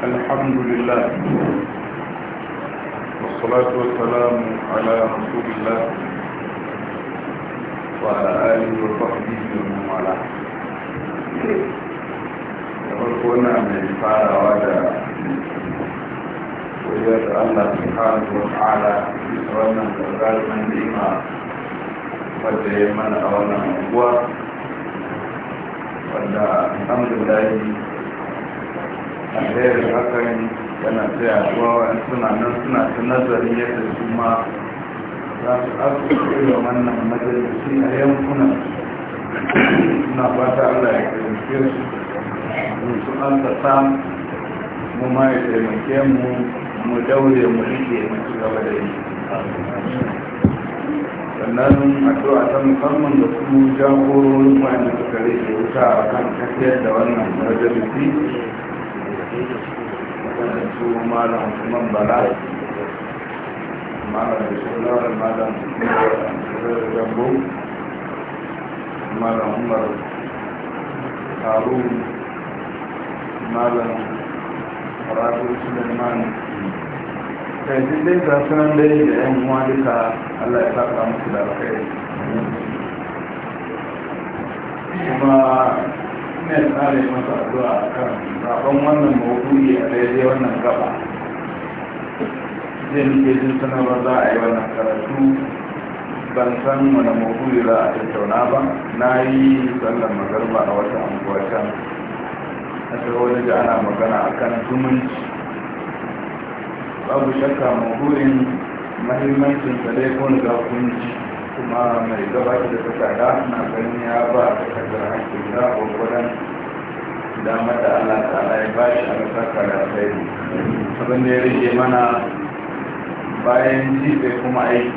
الحمد لله والصلاة والسلام على رسول الله وعلى آله وصحبه ومن والاه يقولون من فعل وجاء وجد الله سبحانه وتعالى يسرنا ظالما لما وجه من أولا مقوى وأن الحمد لله alherin hakan yana ta yaduwa suna nan suna ta nazarin yadda su ma za su asusu da wannan majalisi a yankunan suna fata allah ya karfe su su an ta sam mu ma ya taimake mu mu daure mu rike mu ci gaba da yi sannan addu'a ta musamman da su jagororin wa'anda suka rike wuta a kan tafiyar da wannan majalisi waɗanda su bala malam da da gambo malam ya saka musu kuma ina da tsare masa addu'a a kan rabon wannan mawuri a daidai wannan gaba zai nike jin sanarwar za a yi wannan karatu ban san wani mawuri za a tattauna ba na yi tsallan magarba a wata anguwa can a wani da ana magana a kan zumunci babu shakka mawurin mahimmancin sa dai kun ga kunci kuma mai gabata da takarda na ganin ya ba a takardar haƙƙin da gwagwadon damar da allah ta'ala ya ba shi a masaka da sai abin da ya rage mana bayan jibe kuma aiki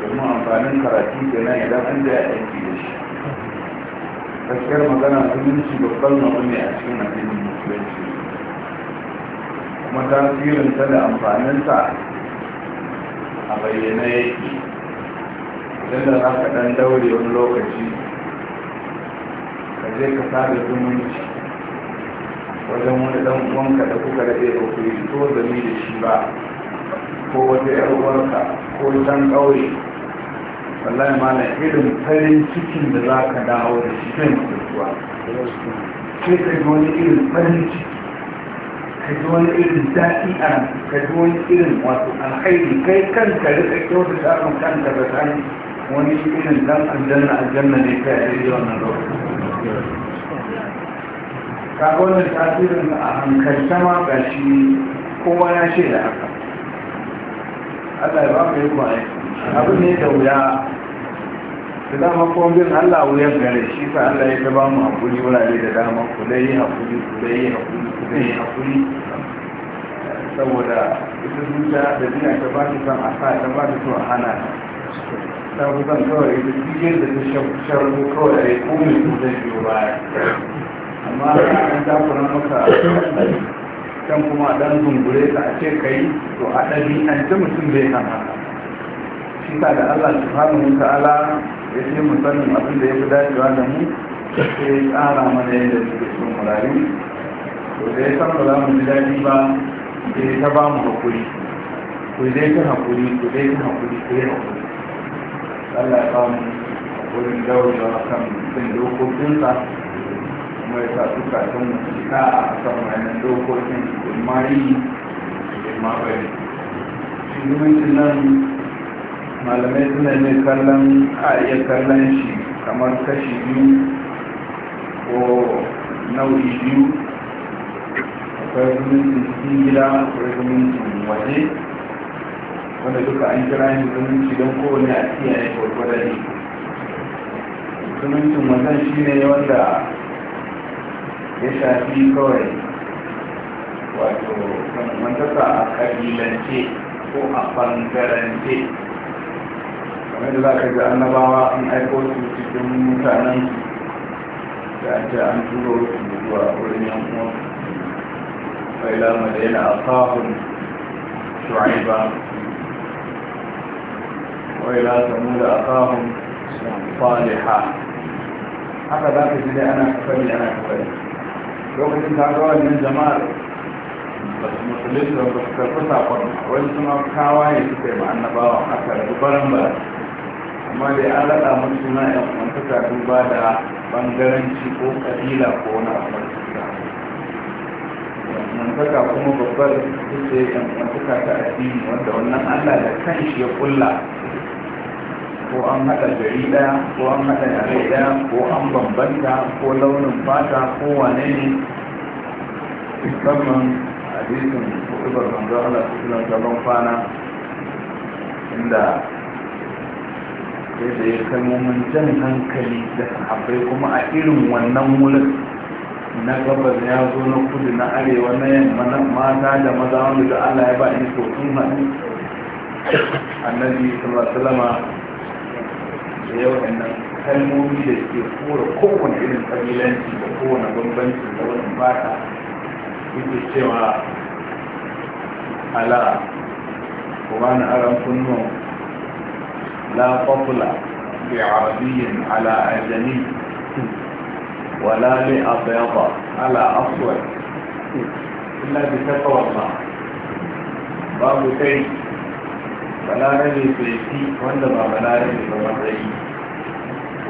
domin amfanin karatu da nan idan an da ya aiki da shi gaskiyar magana zumunci babban abu ne a cikin addinin musulunci kuma tasirinta da amfaninta a bayyana yake inda za ka ɗan daure wani lokaci ka je ka sada zumunci wajen wani ɗan uwanka da kuka da ba ku yi to zami da shi ba ko wata yar uwarka ko ɗan ƙauye wallahi na irin farin cikin da za ka dawo da shi zai mutuwa sai ka ji wani irin farin ciki ka ji wani irin daɗi a ka ji wani irin wato alhaini kai kanka rika kyauta samun kanka da sani wani irin dan aljanna aljanna ne kai a yi wannan lokaci kaga wannan tasirin a hankalta ma ga shi kowa ya ce da haka Allah ya ba mu yi kwaye abu ne da wuya da dama kuma bin Allah wuyan gare shi sa Allah ya ba mu hakuri wurare da dama ku dai yi hakuri ku dai yi hakuri ku dai yi hakuri saboda ita zuciya da duniya ta ba su son a sa ta ba su son a hana ta kusan kawai da cikin da ta sharfi kawai a yi kome su zai biyo baya amma an takura maka kan kuma dan zungure ta a ce ka yi to a ɗari an ce mutum bai kan haka shi da allah subhanahu ta'ala ya ce mu sanin abin da ya fi dacewa da mu sai ya tsara mana yadda suke son mu rayu to da ya san ba za mu ji daɗi ba sai ta ba mu haƙuri ku dai ta haƙuri ku dai ta haƙuri ku yi haƙuri Allah ya kawo wurin a kan bin dokokinsa kuma ya sa suka sun mutuka a kan wayannan dokokin imari da mabari shi zumunci nan malamai suna ne kallon a iya kallon shi kamar kashi biyu ko nau'i biyu akwai zumuncin cikin gida akwai zumuncin waje wanda duka an kira yin zumunci don kowane a kiyaye gwargwada ne zumuncin wannan shi ne wanda ya shafi kawai wato mantaka a kabilance ko a bangarance kamar da za ka ga annabawa an aiko su cikin mutanen da an ce an turo su zuwa wurin yankuwa da yana a kafin shu'aiba وإلى ثمود أخاهم صالحا haka za ka ji dai ana kafari ana kafari lokacin kagawa ne jama'ar ba su musulunci ba su karfi sakon wani kuma kawaye suka yi ma annabawa aka rabu baran bara amma dai an raɗa mun suna yan kwantaka duba da bangaranci ko kabila ko wani abu kwantaka kuma babbar su ce yan kwantaka ta addini wanda wannan allah da kan shi ya kulla ko an haɗa gari ɗaya ko an haɗa yare ɗaya ko an bambanta ko launin fata ko wane ne musamman hadisin kuɗubar manzo Allah su sunan gaban fana inda sai da ya kai mun jan hankali da sahabbai kuma a irin wannan wurin na gabas ya zo na kudu na arewa na yamma na mata da maza wanda da Allah ya ba ni to sun haɗu annabi sallallahu alaihi wasallam ya waɗannan kalmomi da ke kura kowane irin kabilanci da kowane bambanci da wani fata yake cewa ala kuma na aran kunno la fafula bi arabiyyin ala ajami wala li abyada ala aswad illa bi taqwa Allah babu kai balarabe sai wanda ba balarabe ba matsayi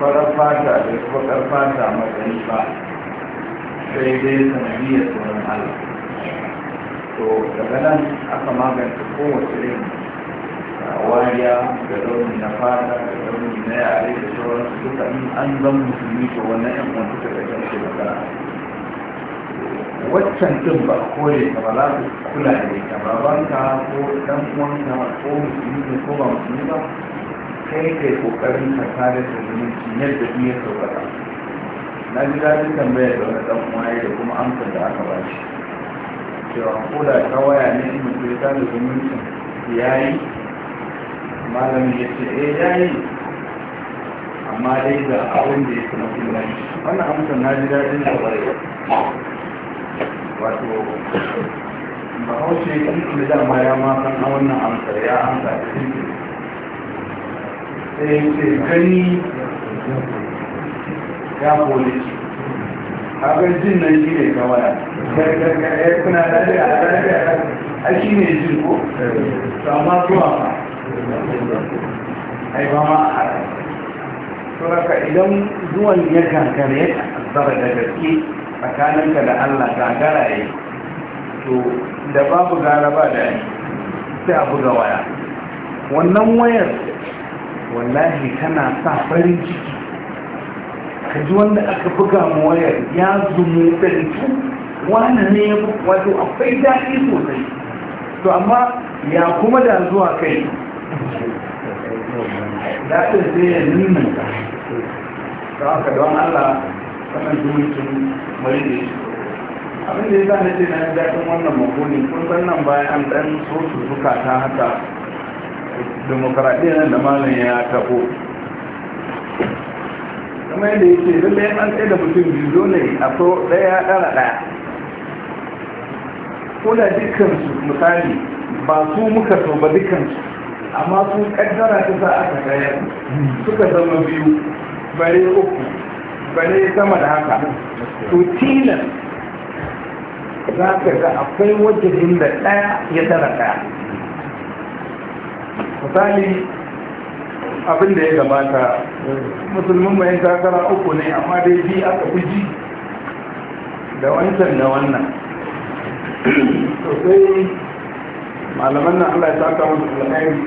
farar fata da kuma fata matsayi ba sai dai sanadiyar tsoron Allah to daga nan aka magance kowace irin ah, wariya ga launi na fata da launi na yare da sauransu duka yi an zan musulmi to wannan yan wanda da shi da waccan ɗin ba kore ka ba za su kula da ita babanka ko dan uwanka ko musulmi ko ba musulmi ba kai kai kokarin ka tare da zumunci yadda iya saukata na ji daɗin tambayar da wani ɗan waye da kuma amsa da aka ba shi cewa ko da ta waya ne in mutum ya tare zumuncin ya yi malamin ya ce eh ya yi amma dai ga abin da ya fi na yi wannan amsa na ji daɗin saurara wato bahaushe ya da dama ya ma san a wannan amsar ya amsa da sai ce gani ya kone shi abin jin nan shi ne kawaya ya eh, kuna lafiya a lafiya a shi ne jin ko to amma zuwa ma ai ba ma a suraka idan zuwan ya kankare ya da gaske tsakaninka da allah gagara ya to da babu gara ba da sai a buga waya wannan wayar wallahi kana sa farin ciki kaji wanda aka buga mu waya ya zumu ɗarki wani ne wato akwai daɗi sosai to amma ya kuma da zuwa kai daɗin sai ya nimanta ta haka don allah sanar dumicin mai ne abin da ya zane ce na daɗin wannan makonin kun san nan bayan an ɗan so su ta haka demokradiyya da malam ya kafo kuma yadda yake ɗaya an tsaye da mutum biyu dole a so daya dara daya ko da dukkansu misali ba su muka so ba dukkansu amma su kaddara ta sa aka tsayar suka zama biyu bare uku bare sama da haka to tilan za ka ga akwai wajen da ɗaya ya tara ɗaya misali abin da ya gabata musulmin mai takara uku ne amma dai bi aka fi ji da wancan da wannan sosai malaman nan allah ya taka musu alkhairi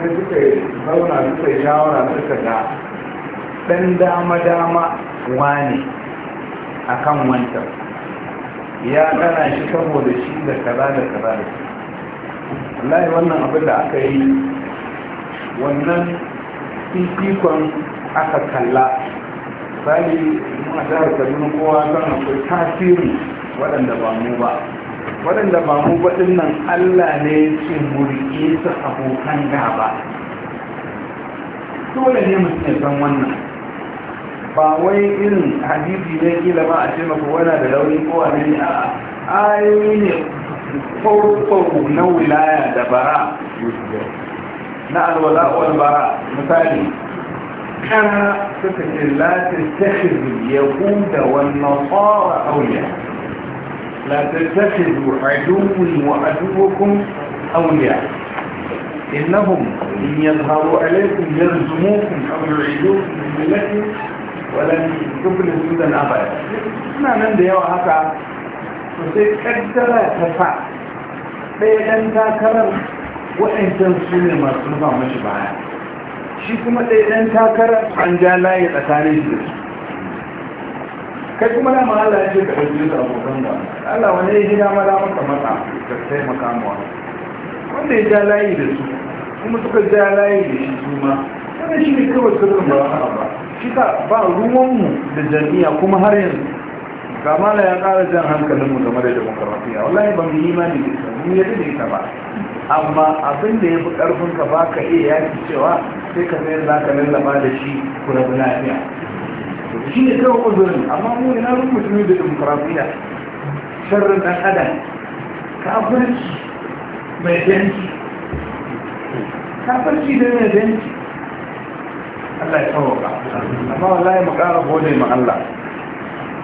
sai suka zauna suka yi shawara suka ga ɗan dama-dama wani a wancan ya ɗana shi saboda shi da kaza da kaza da kaza wallahi wannan abin da aka yi wannan fifikon aka kalla misali muna jihar kaduna kowa kan akwai tasiri waɗanda ba mu ba waɗanda ba mu baɗin nan allah ne ce murke su abokan gaba dole ne mutum san wannan ba wai irin hadisi ne kila ba a ce maka wana da rauni ko ne a ayoyi ne farko na wilaya da bara na alwala wal bara misali kana suka ce la tattakhidhu yahuda wan nasara awliya la tattakhidhu aduwwi wa aduwwakum awliya إنهم إن يظهروا عليكم يرزموكم أو يعيدوكم من ملتهم ولن تفلحوا إذا أبدا. ما من ده هكا sai kaddara ta sa ɗaya ɗan takarar waɗancan su ne masu rufa mashi baya shi kuma ɗaya ɗan takarar an ja layi tsakanin shi kai kuma da ma'ala ya ce ka ɗauke su abokan ba Allah wani ya gina mara maka mata ka sai makamuwa wanda ya ja layi da su kuma suka ja layi da shi su ma wannan shi ne kawai sirrin ba ba shi ka ba ruwanmu da jami'a kuma har yanzu kamala ya kara jan hankalinmu game da demokrafiya wallahi ban yi imani da ita ni yadda da ta ba amma abin da ya fi ka ba ka iya yaki cewa sai ka mai za ka lallaba da shi ku rabu lafiya shi ne kawai uzurin amma mu ina rubu mutumi da demokaratiya sharrin ɗan adam kafirci mai danci kafirci da mai danci Allah ya tsawo ba amma wallahi mu kara gode ma Allah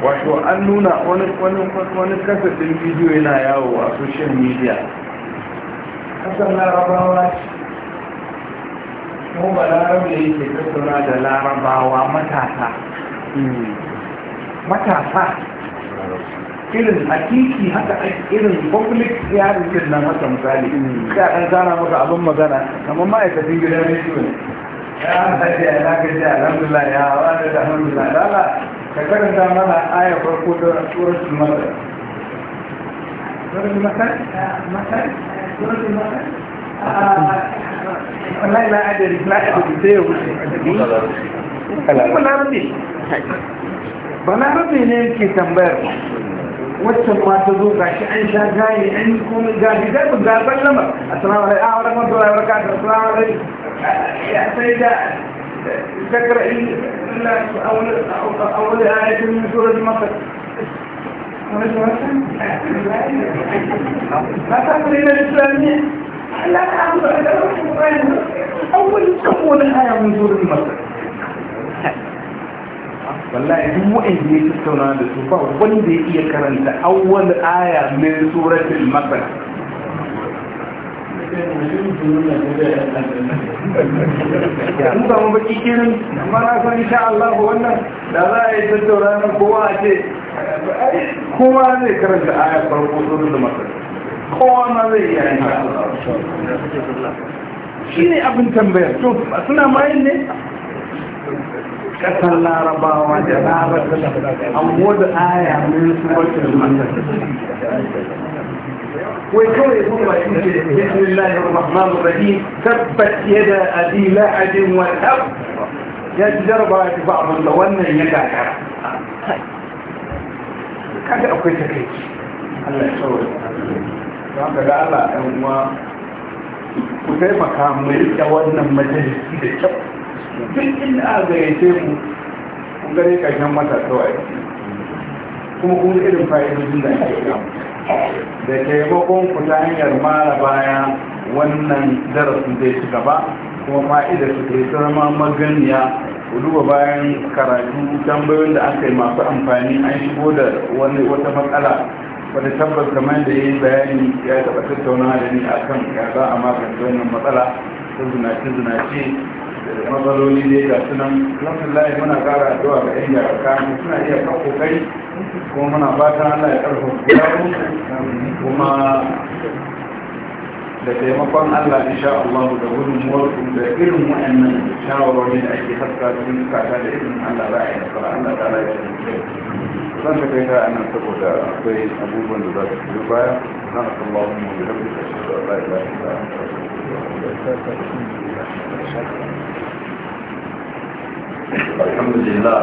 wato an nuna wani kasafin bidiyo yana yawo a social media kasar larabawa ce kuma larabawa yake tattauna da larabawa matasa matasa irin hakiki haka irin public yarin nan haka misali ya ɗan zana maka abin magana kamar ma'aikacin gidan rediyo ne ya haɗa da ya lagaji alhamdulillah ya haɗa da alhamdulillah ka karanta mana aya farko da suratul masar suratul masar masar suratul masar wallahi la adari la adari sai ya wuce kuma larabi ba larabi ne ke tambayar waccan ma ta zo gashi an sha gaye an yi komai gashi zai ku zaɓen lamar assalamu alaikum a wani mazuwa ya warka da assalamu alaikum sai da ذكر أي الله أو أو أو الآية من سورة مصر ما تقول إلى الإسلامية لا أول يكون آية من سورة مصر والله هو إذن يتسونا بسوفا وقل بيئي كرنت أول آية من سورة المبنى mun samu baki kenan amma na san insha Allah wannan da za a yi tattaura nan kowa a ce kowa zai karanta ayar farko sunan da masar kowa ma zai iya yin shi ne abin tambayar to suna mayin ne kasar larabawa da larabawa an wada aya mai subatun masar وكان يقول بسم الله الرحمن الرحيم ثبت يد أبي لحد وتب ya ji jarba ya ba abin da wannan ya gagara kaga akwai takaici Allah ya saurari don ka ga Allah ɗan uwa ku taimaka mu riƙe wannan majalisi da kyau duk inda a gayyace mu kun gare ƙarshen mata kawai kuma kun irin fa'idojin da ake samu da taimakon ku ta hanyar mara baya wannan darasin zai ci gaba kuma fa'idar su ke zama maganiya ku duba bayan karatu tambayoyin da aka yi masu amfani an shigo da wani wata matsala wadda tabbas kamar da ya yi bayani ya taɓa tattaunawa da ni akan ya za a magance wannan matsala ta zinace-zinace matsaloli ne ga sunan alhamdulillah muna kara addu'a ga yan yara suna iya kan kokari kuma muna fata Allah ya karfafa kuma da taimakon Allah insha Allah da wurin warkun da irin wa'annan shawarwari da ake haska cikin kaka da irin Allah za a yi nasara Allah ta ala ya zan ta kai ta a nan saboda akwai abubuwan da za su fi baya na asallahu mu da rabbi da shi da Allah ya lafiya الحمد لله